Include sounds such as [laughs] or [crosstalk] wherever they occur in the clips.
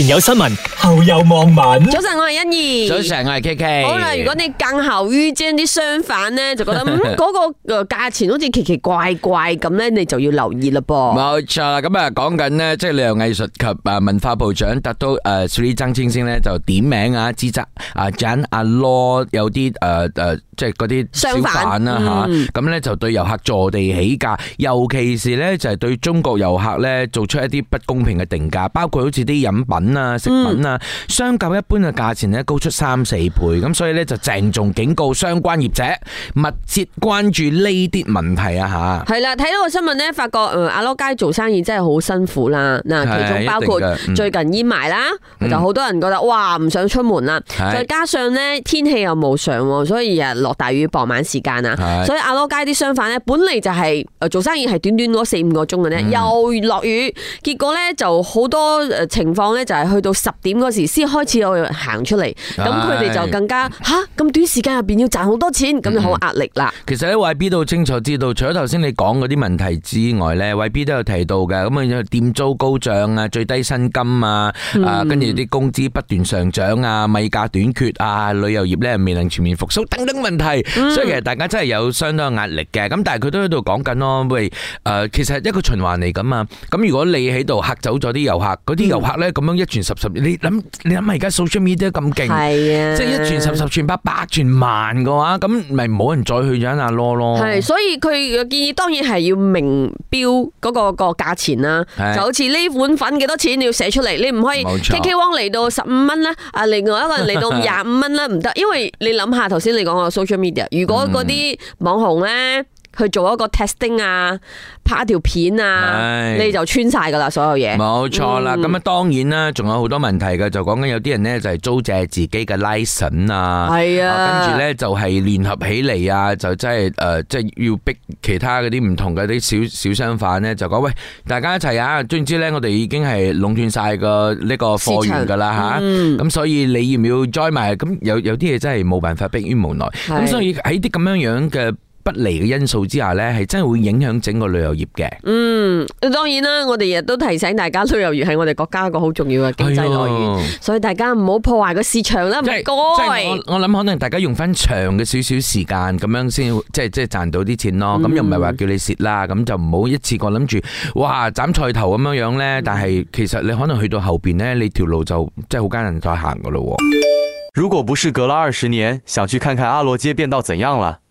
前有新聞，後有網民。早晨，我係欣怡。早晨，我係 K K。好啦，如果你見後遇見啲商販咧，就覺得嗰個個價錢好似奇奇怪怪咁咧，你就要留意啦噃。冇錯啦，咁啊講緊咧，即係旅遊藝術及啊文化部長特都誒，曾慶信咧就點名啊，指責啊 John 阿 Law 有啲誒誒，即係嗰啲商販啦吓。咁咧就對遊客坐地起價，尤其是咧就係對中國遊客咧做出一啲不公平嘅定價，包括好似啲飲品。啊，食品啊，相較一般嘅價錢咧，高出三四倍，咁、嗯、所以呢，就鄭重警告相關業者密切關注呢啲問題啊吓。係啦，睇到個新聞呢，發覺、嗯、阿羅街做生意真係好辛苦啦。嗱，其中包括最近煙霾啦、嗯，就好多人覺得哇唔想出門啦、嗯。再加上呢，天氣又冇上喎，所以日落大雨，傍晚時間啊，所以阿羅街啲商販呢，本嚟就係、是、做生意係短短嗰四五個鐘嘅呢，又落雨，結果呢，就好多情況呢。就是、～係去到十點嗰時先開始有人行出嚟，咁佢哋就更加吓，咁短時間入邊要賺好多錢，咁就好壓力啦。其實咧，匯 B 都清楚知道，除咗頭先你講嗰啲問題之外咧，匯 B 都有提到嘅，咁啊店租高漲啊、最低薪金啊、啊跟住啲工資不斷上漲啊、米價短缺啊、旅遊業咧面臨全面復蘇等等問題，所以其實大家真係有相當壓力嘅。咁但係佢都喺度講緊咯，喂誒，其實一個循環嚟噶嘛。咁如果你喺度吓走咗啲遊客，嗰啲遊客咧咁樣。一傳十十，你諗你諗下，而家 social media 咁勁，即係一傳十十，傳百百，傳萬嘅話，咁咪冇人再去咗阿囉囉。係，所以佢嘅建議當然係要明標嗰個個價錢啦，就好似呢碗粉幾多錢寫，你要寫出嚟，你唔可以 K K 汪嚟到十五蚊啦，啊，另外一個人嚟到廿五蚊啦，唔得，因為你諗下頭先你講嘅 social media，如果嗰啲網紅咧。嗯去做一個 testing 啊，拍一條片啊，你就穿晒噶啦，所有嘢冇錯啦。咁、嗯、啊，當然啦，仲有好多問題嘅，就講緊有啲人呢，就係、是、租借自己嘅 license 啊，係啊，跟住咧就係、是、聯合起嚟啊，就真係即係要逼其他嗰啲唔同嘅啲小小商販呢，就講喂，大家一齊啊！總之咧，我哋已經係壟斷晒個呢個貨源噶啦吓，咁、嗯啊、所以你要唔要 join 埋？咁有有啲嘢真係冇辦法逼於無奈，咁所以喺啲咁樣樣嘅。不利嘅因素之下呢，係真係會影響整個旅遊業嘅。嗯，當然啦，我哋日日都提醒大家，旅遊業係我哋國家一個好重要嘅經濟來源，所以大家唔好破壞個市場啦。唔該。即係，我諗，可能大家用翻長嘅少少時間咁樣，先即係即係賺到啲錢咯。咁、嗯、又唔係話叫你蝕啦，咁就唔好一次過諗住哇斬菜頭咁樣樣呢。但係其實你可能去到後邊呢，你條路就即係好艱難再行噶咯。如果不是隔了二十年，想去看看阿羅街變到怎樣了。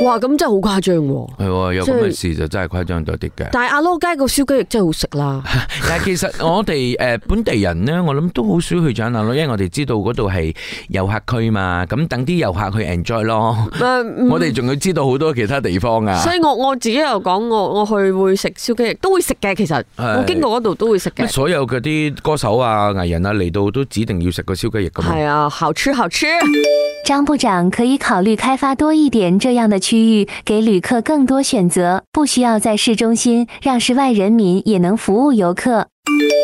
哇，咁真係好誇張喎、啊！有咁嘅事就真係誇張咗啲嘅。但亞羅街個燒雞翼真係好食啦。 [laughs] 但其實我哋、呃、本地人咧，我諗都好少去搶亞羅， [laughs] 因為我哋知道嗰度係遊客區嘛。咁等啲遊客去 enjoy 咯。嗯、我哋仲要知道好多其他地方㗎、啊。所以我我自己又講，我我去會食燒雞翼，都會食嘅。其實我經過嗰度都會食嘅。所有嗰啲歌手啊、藝人啊嚟到都指定要食個燒雞翼㗎，係啊，好吃好吃。張部長可以考慮開發多一點這樣的區域，給旅客更多選擇，不需要在市中心，讓市外人民也能服務遊客。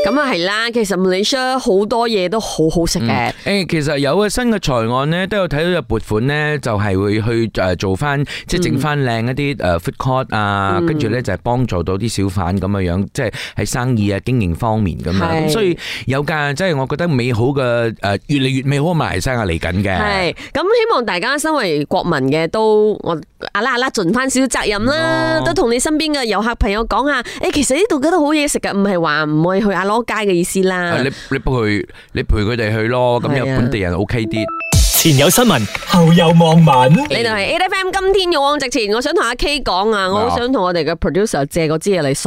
咁啊，係啦，其實馬來西亞好多嘢都好好食嘅。誒，其實有個新嘅財案咧，都有睇到有撥款咧，就係會去誒做翻，即係整翻靚一啲誒 food court 啊，跟住咧就係幫助到啲小販咁嘅樣，即係喺生意啊，經營方面咁樣。所以有間即係我覺得美好嘅誒，越嚟越美好嘅馬來西亞嚟緊嘅。係咁，希望大家身為國民嘅都我。啊啦阿、啊、啦，盡翻少少責任啦，都同你身邊嘅遊客朋友講下，誒、欸，其實呢度覺得好嘢食嘅，唔係話唔可以去阿羅街嘅意思啦，啊。你你幫佢，你陪佢哋去咯，咁有本地人 O K 啲。前有新聞，後有網民。你哋係 ATFM，今天勇往直前，我想同阿 K 講啊，我好想同我哋嘅 producer 借那支東西來。 [laughs] [laughs] 那個那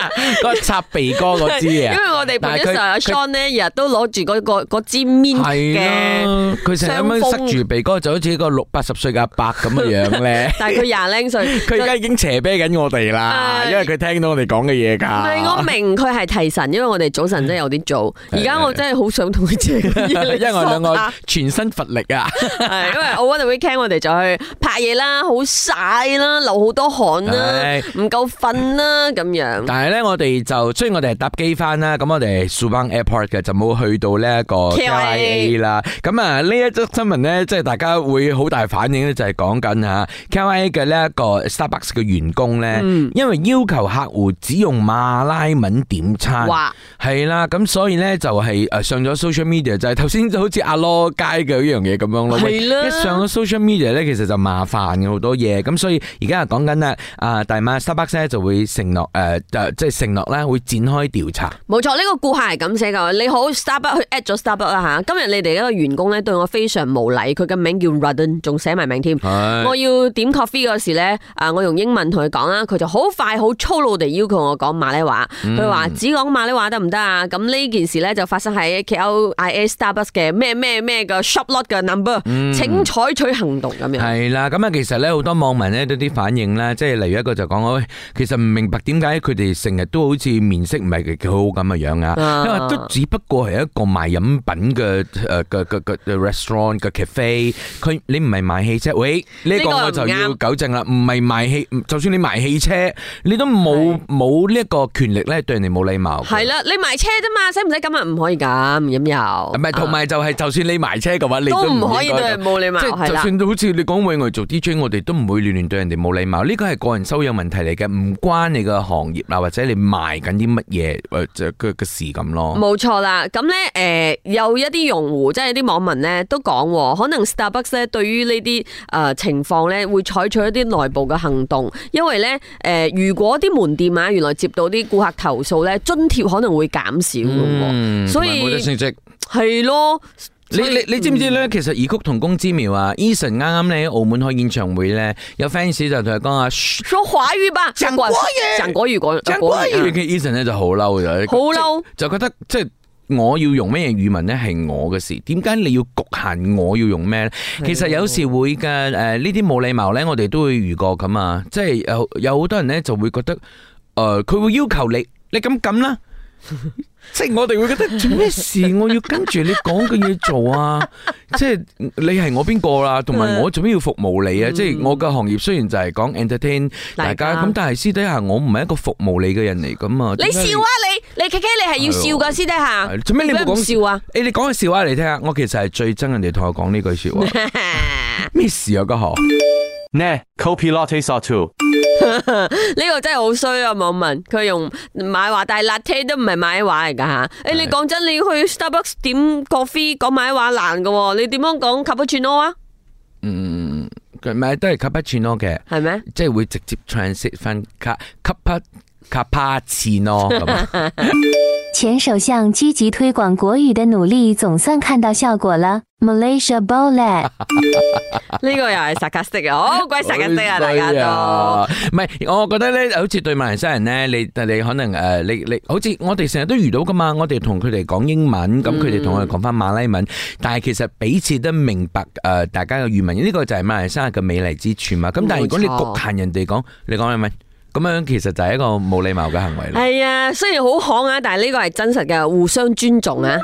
支嘢嚟索下，個擦鼻哥嗰支啊。因為我哋 producer 阿 Sean 呢，日日都攞住嗰個支面嘅，佢成日咁樣塞住鼻哥，就好似個六八十歲嘅阿伯咁嘅樣咧。但係佢廿零歲，佢而家已經斜啤緊我哋啦、呃，因為佢聽到我哋講嘅嘢噶。唔係，我明佢係提神，因為我哋早晨真係有啲早，而家我真係好想同佢借。因為兩個全身乏力啊，係因為我覺得 WeChat 我哋就去拍嘢啦，好曬啦，流好多汗啦，唔夠瞓啦咁樣。但係咧，我哋就雖然我哋係搭機返啦，咁我哋係 Subang Airport 嘅，就冇去到呢一個 KIA 啦。咁啊，呢一則新聞咧，即係大家會好大反應咧，就係講緊嚇 KIA 嘅呢一個 Starbucks 嘅員工咧，因為要求客戶只用馬來文點餐，係啦，咁所以咧就係誒上咗 social media 就係偷。先好似阿羅街嘅呢樣嘢咁樣咯，一上咗 social media 咧，其實就麻煩嘅好多嘢，咁所以而家講緊緊啦，啊大馬 Starbucks 呢就會承諾誒，誒、呃，即、就、係、是、承諾咧會展開調查。冇錯，呢、這個顧客係咁寫嘅，你好 Starbucks，at 咗 Starbucks 啦嚇。今日你哋一個員工咧對我非常無禮，佢嘅名叫 Raden，仲寫埋名添。我要點 coffee 嗰時咧，啊我用英文同佢講啦，佢就好快好粗魯地要求我講馬來話，佢、嗯、話只講馬來話得唔得啊？咁呢件事咧就發生喺 k i s 嘅咩咩咩嘅 shop lot 嘅 number，請採取行動咁樣。係啦，咁啊，其實咧好多網民咧都啲反應啦，即係例如一個就講話，其實唔明白點解佢哋成日都好似面色唔係幾好咁嘅樣啊，因為都只不過係一個賣飲品嘅誒嘅嘅嘅 restaurant 嘅 cafe，佢你唔係賣汽車，喂，呢個我就要糾正啦，唔係賣汽，就算你賣汽車，你都冇冇呢一個權力咧對人哋冇禮貌。係啦，你賣車啫嘛，使唔使今日唔可以咁飲油？唔係。同埋就係，就算你賣車嘅話，你都唔可以對人冇禮貌，即係，就算好似你講，我哋做 DJ，我哋都唔會亂亂對人哋冇禮貌。呢個係個人修養問題嚟嘅，唔關你個行業啊，或者你賣緊啲乜嘢嘅事咁咯。冇錯啦。咁咧，誒，有一啲用戶即係啲網民咧都講，可能 Starbucks 咧對於呢啲誒情況咧會採取一啲內部嘅行動，因為咧誒、呃，如果啲門店啊原來接到啲顧客投訴咧，津貼可能會減少㗎，所以、嗯係咯，你你你知唔知咧？其實異曲同工之妙啊！Eason 啱啱咧喺澳門開演唱會咧，有 fans 就同佢講啊，說華語吧，講國語，講國語講。講國語嘅 Eason 咧就好嬲嘅，好嬲就覺得即係我要用咩嘢語文咧係我嘅事，點解你要局限我要用咩咧？其實有時會嘅，誒呢啲冇禮貌咧，我哋都會遇過㗎嘛。即係有有好多人咧就會覺得，誒佢會要求你，你咁咁啦。即係我哋會覺得做咩事我要跟住你講嘅嘢做啊！ [laughs] 即係你係我邊個啊？同埋我做咩要服務你啊！嗯、即係我嘅行業雖然就係講 entertain 大家咁、嗯，但係私底下我唔係一個服務你嘅人嚟噶嘛。你笑啊！你你 K K 你係要笑噶、哦、私底下，做咩你冇講笑啊？誒、啊，你講個笑話嚟聽下，我其實係最憎人哋同我講呢句說話。咩事啊？哥 [laughs] 河？呢 copy not e a too。呢個真係好衰啊！網民佢用馬來話，但係 Latte 都唔係馬來話嚟噶吓。誒，你講真，你去 Starbucks 點咖啡講馬來話難噶？你點樣講 Cappuccino 啊？嗯，佢咪都係 Cappuccino 嘅，係咩？即係會直接 translate 翻 Cap Capa Cappuccino 咁啊？前首相積極推廣國語的努力，總算看到效果了。Malaysia Bowled，呢個又係 s 卡 r c 好鬼成日得啊，大家都唔係、啊，我覺得咧，好似對馬來西亞人咧，你你可能誒、呃，你你好似我哋成日都遇到噶嘛，我哋同佢哋講英文，咁佢哋同我哋講翻馬來文，但係其實彼此都明白誒、呃，大家嘅語文，呢、這個就係馬來西亞嘅美麗之處嘛。咁但係如果你局限人哋講，你講係咪？咁樣其實就係一個冇禮貌嘅行為咯。係啊，雖然好巷啊，但係呢個係真實嘅，互相尊重啊。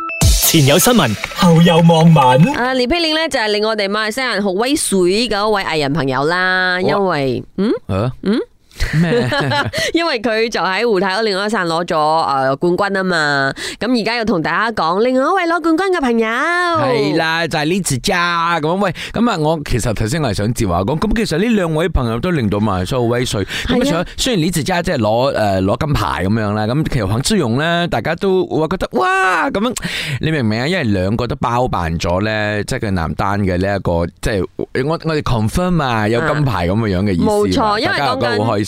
前有新聞，後有網民。啊，李佩玲咧就係令我哋馬來西亞人好威水嘅一位藝人朋友啦，因為嗯嗯。 [laughs] 因為佢就喺湖太奧另外一站攞咗誒冠軍啊嘛，咁而家又同大家講另外一位攞冠軍嘅朋友係啦，就係李梓嘉咁喂，咁啊我其實頭先我係想接話講，咁其實呢兩位朋友都令到所超威水，咁想雖然李梓嘉即係攞誒攞金牌咁樣咧，咁其實彭淑容咧，大家都會覺得哇咁樣，你明唔明啊？因為兩個都包辦咗咧，即係佢男單嘅呢一個，即係我哋 confirm 啊有金牌咁嘅樣嘅意思，冇錯，因為大家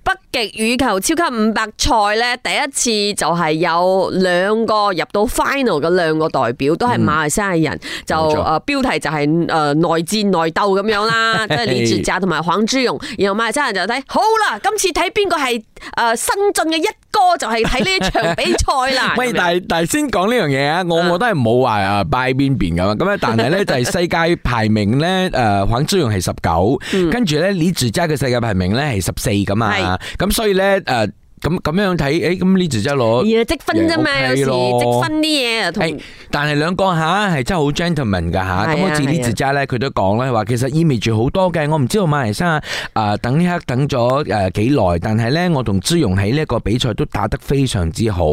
北極羽球超級五百賽咧，第一次就係有兩個入到 final 嘅兩個代表都係馬來西亞人，嗯、就誒、呃、標題就係誒內戰內鬥咁樣啦，即 [laughs] 係李梓嘉同埋黃朱融，然後馬來西亞人就睇好啦，今次睇邊個係誒新晉嘅一哥就係睇呢一場比賽啦。 [laughs] 喂，有有但係但係先講呢樣嘢啊，我 [laughs] 我都係冇話誒拜邊邊咁，咁咧但係咧就係世界排名咧誒、呃、黃朱融係十九，跟住咧李梓嘉嘅世界排名咧係十四咁啊。咁所以咧，誒、呃。咁咁樣睇，誒，咁 Lizzy 姐攞，而係積分啫嘛，有時積分啲嘢。誒，但係兩個吓係真係好 gentleman 噶吓，咁我自 Lizzy 姐咧，佢都講咧話，其實意味住好多嘅。我唔知道馬來西亞誒等呢刻等咗誒幾耐，但係咧我同朱融喺呢一個比賽都打得非常之好。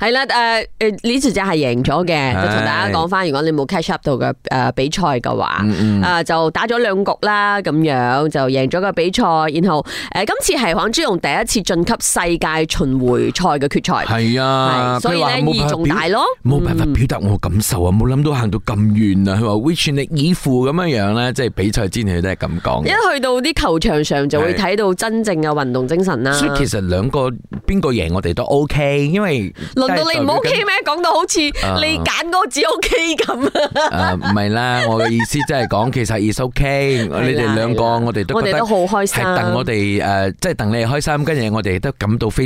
係啦，誒誒，Lizzy 姐係贏咗嘅，我同大家講翻，如果你冇 catch up 到嘅誒比賽嘅話，誒就打咗兩局啦，咁樣就贏咗個比賽。然後誒，今次係我朱融第一次晉級世界。係巡迴賽嘅決賽，係啊，所以話意義重大咯。冇辦法表達我感受啊，冇諗到行到咁遠啊。佢話會全力以赴咁樣樣咧，即係比賽之前佢都係咁講。一去到啲球場上，就會睇到真正嘅運動精神啦。所以其實兩個邊個贏我哋都 OK，因為輪到你唔 OK 咩？講到好似你揀個字 OK 咁啊？唔係啦，我嘅意思即係講，其實 It's OK，你哋兩個我哋都覺得我哋都好開心，係等我哋誒，即係等你哋開心，跟住我哋都感到非。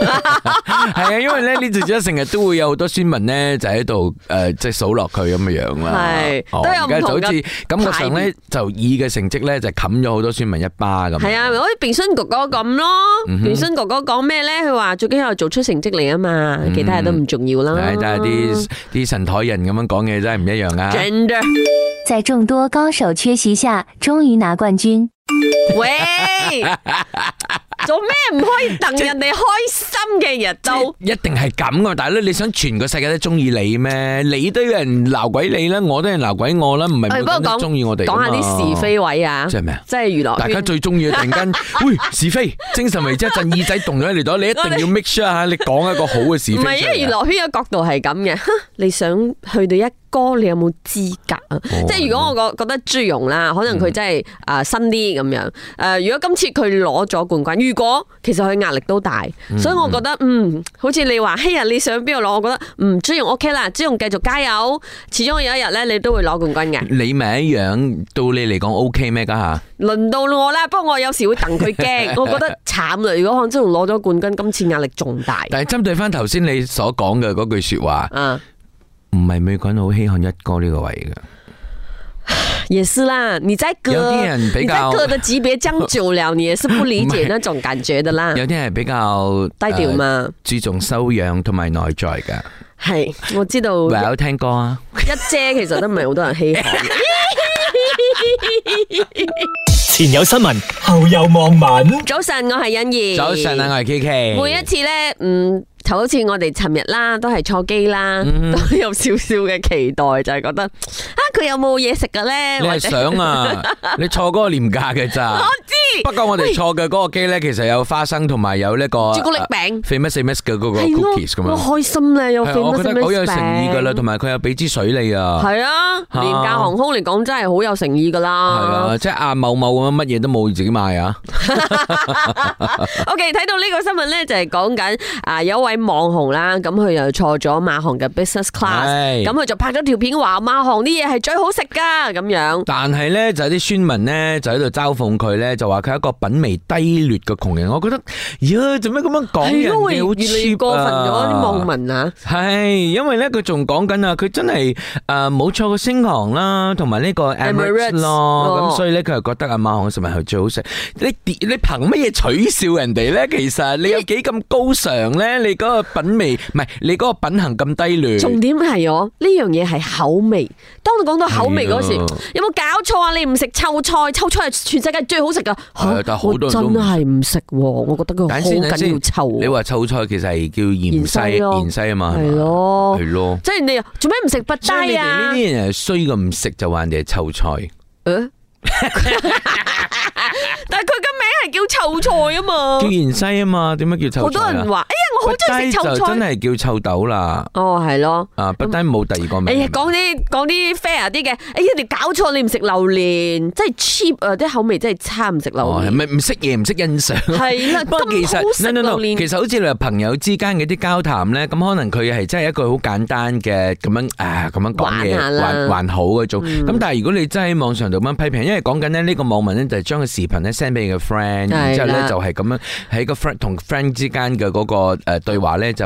係啊，因為咧呢段時間成日都會有好多酸文咧就喺度誒，即係數落佢咁嘅樣啦。係，都係唔同噶。咁我同咧就二嘅成績咧就冚咗好多酸文一巴咁。係啊，好似辯孫哥哥咁咯。辯孫哥哥講咩咧？佢話最緊要做出成績嚟啊嘛，其他人都唔重要啦。但係啲啲神台人咁樣講嘢，真係唔一樣啊。真的，在眾多高手缺席下，終於拿冠軍。喂！做咩唔可以等人哋開心嘅日都，都一定係咁啊。大佬，你想全個世界都中意你咩？你都有人鬧鬼你啦，我，人我人都有人鬧鬼我啦，唔係冇人中意我哋。講下啲是非位啊，即係咩啊？即係娛樂，大家最中意嘅突然間， [laughs] 喂，是非精神為之一振，耳仔動咗嚟咗，你一定要 make sure 吓你講一個好嘅是非。唔係，因為娛樂圈嘅角度係咁嘅，你想去到一。哥，你有冇資格啊、哦？即係如果我覺覺得朱融啦、嗯，可能佢真係啊、呃、新啲咁樣。誒、呃，如果今次佢攞咗冠軍，如果其實佢壓力都大、嗯，所以我覺得嗯，好似你話，嘿日、啊、你想邊度攞？我覺得唔、嗯，朱融 O K 啦，朱融繼續加油。始終有一日咧，你都會攞冠軍嘅。你咪一樣，到你嚟講 O K 咩？家下輪到了我啦，不過我有時會戥佢驚， [laughs] 我覺得慘啦。如果可能朱融攞咗冠軍，今次壓力仲大。但係針對翻頭先你所講嘅嗰句說話啊。嗯唔係每個人好稀罕一哥呢個位噶，也是啦。你在哥有啲人比較，你在哥的級別降久了，你也是不理解嗰種感覺的啦。有啲人比較低調嘛，注重修養同埋內在噶。係我知道，有聽歌啊。一姐其實都唔係好多人稀罕。前有新聞，後有網民。早晨，我係欣怡。早晨啊，我係 K K。每一次咧，嗯。就好似我哋尋日啦，都係坐機啦，都有少少嘅期待，就係覺得啊，佢有冇嘢食嘅咧？你係想啊？你坐嗰個廉價嘅咋？我知。不過我哋坐嘅嗰個機咧，其實有花生同埋有呢個朱古力餅。famous famous 嘅嗰個 cookies 咁樣。好開心咧，有 famous famous 餅。係，我覺得好有誠意噶啦，同埋佢有俾支水你啊。係啊，廉價航空嚟講真係好有誠意噶啦。係啊，即係阿某某咁樣，乜嘢都冇自己買啊。OK，睇到呢個新聞咧，就係講緊啊，有位，網紅啦，咁佢又坐咗馬航嘅 business class，咁佢就拍咗條片話馬航啲嘢係最好食噶咁樣。但係咧就有啲村民網民咧就喺度嘲諷佢咧，就話佢係一個品味低劣嘅窮人。我覺得，咦，做咩咁樣講人哋？越嚟越過分咗啲網民啊！係因為咧佢仲講緊啊，佢真係誒冇錯過星航啦，同埋呢個 Emirates 咯，咁所以咧佢就覺得阿馬航嘅食物係最好食。你你憑乜嘢取笑人哋咧？其實你有幾咁高尚咧？你個。個品味唔係你嗰個品行咁低劣。重點係喎，呢樣嘢，係口味。當你講到口味嗰時，有冇搞錯啊？你唔食臭菜，臭菜係全世界最好食噶。但係好多人都真係唔食喎，我覺得佢好緊要臭。你話臭菜其實係叫芫茜，芫茜啊嘛，係咪？係咯，係咯。即係你做咩唔食不低啊？呢啲人衰咁唔食就話人哋係臭菜。誒，但係佢個名係叫臭菜啊嘛，叫芫茜啊嘛，點解叫臭菜啊？好多人話誒。不但就真係叫臭豆啦。哦，係咯。啊，不但冇第二個名。哎呀，講啲講啲 fair 啲嘅。哎呀，你搞錯，你唔食榴蓮，真係 cheap 啊！啲口味真係差，唔食榴蓮。唔係唔識嘢，唔識欣賞。係啦，今日好食榴蓮。其實好似你話朋友之間嘅啲交談咧，咁可能佢係真係一個好簡單嘅咁樣啊咁樣講嘢，還還好嗰種。咁但係如果你真係喺網上度咁樣批評，因為講緊咧呢個網民咧就係將個視頻咧 send 俾你個 friend，然之後咧就係咁樣喺個 friend 同 friend 之間嘅嗰個。誒，對話咧就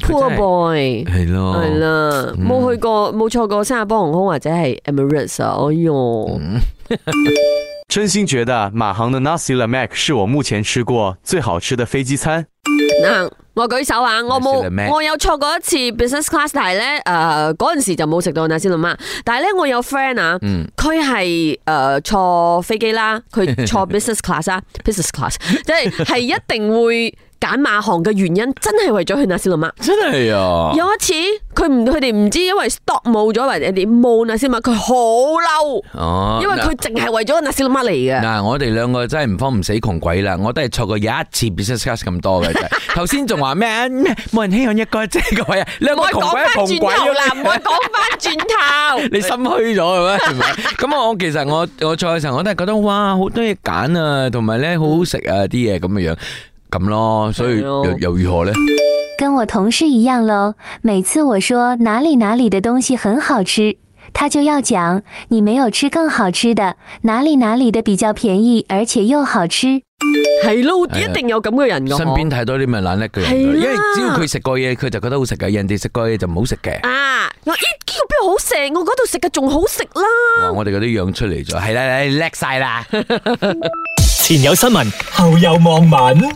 ，Poor boy，係咯，係啦，冇去過，冇錯過新加坡航空或者係 Emirates 啊，哎喲，真心覺得馬航的 Nasi Lemak 是我目前吃過最好吃的飛機餐。嗱，我舉手啊，我冇，我有錯過一次 business class，但係咧，誒，嗰陣時就冇食到 Nasi Lemak，但係咧，我有 friend 啊，佢係誒坐飛機啦，佢坐 business class 啊，business class 即係係一定會。揀馬航嘅原因真係為咗去納斯羅瑪，真係啊！有一次佢唔佢哋唔知因為 stop 冇咗或者點冇納斯羅瑪，佢好嬲哦，因為佢淨係為咗納斯羅瑪嚟嘅。嗱，我哋兩個真係唔方唔死窮鬼啦，我都係坐過一次 business class 咁多嘅啫。頭先仲話咩啊咩，冇人稀罕一個即係個位啊，兩個窮鬼窮鬼啦，唔該講翻轉頭，你心虛咗係咪？咁我其實我我坐嘅時候我都係覺得哇，好多嘢揀啊，同埋咧好好食啊，啲嘢咁嘅樣。咁咯，所以又如何呢？跟我同事一樣咯，每次我說哪裡哪裡的東西很好吃，他就要講你沒有吃更好吃的，哪裡哪裡的比較便宜而且又好吃。係咯，一定有咁嘅人噶，身邊太多啲咪嘅懶叻嘅人，因為只要佢食過嘢，佢就覺得好食嘅，人哋食過嘢就唔好食嘅。啊，我咦，呢、這個邊好食？我嗰度食嘅仲好食啦。哇，我哋嗰啲樣出嚟咗，係啦，叻晒啦。 [laughs] 前有新聞，後有網民。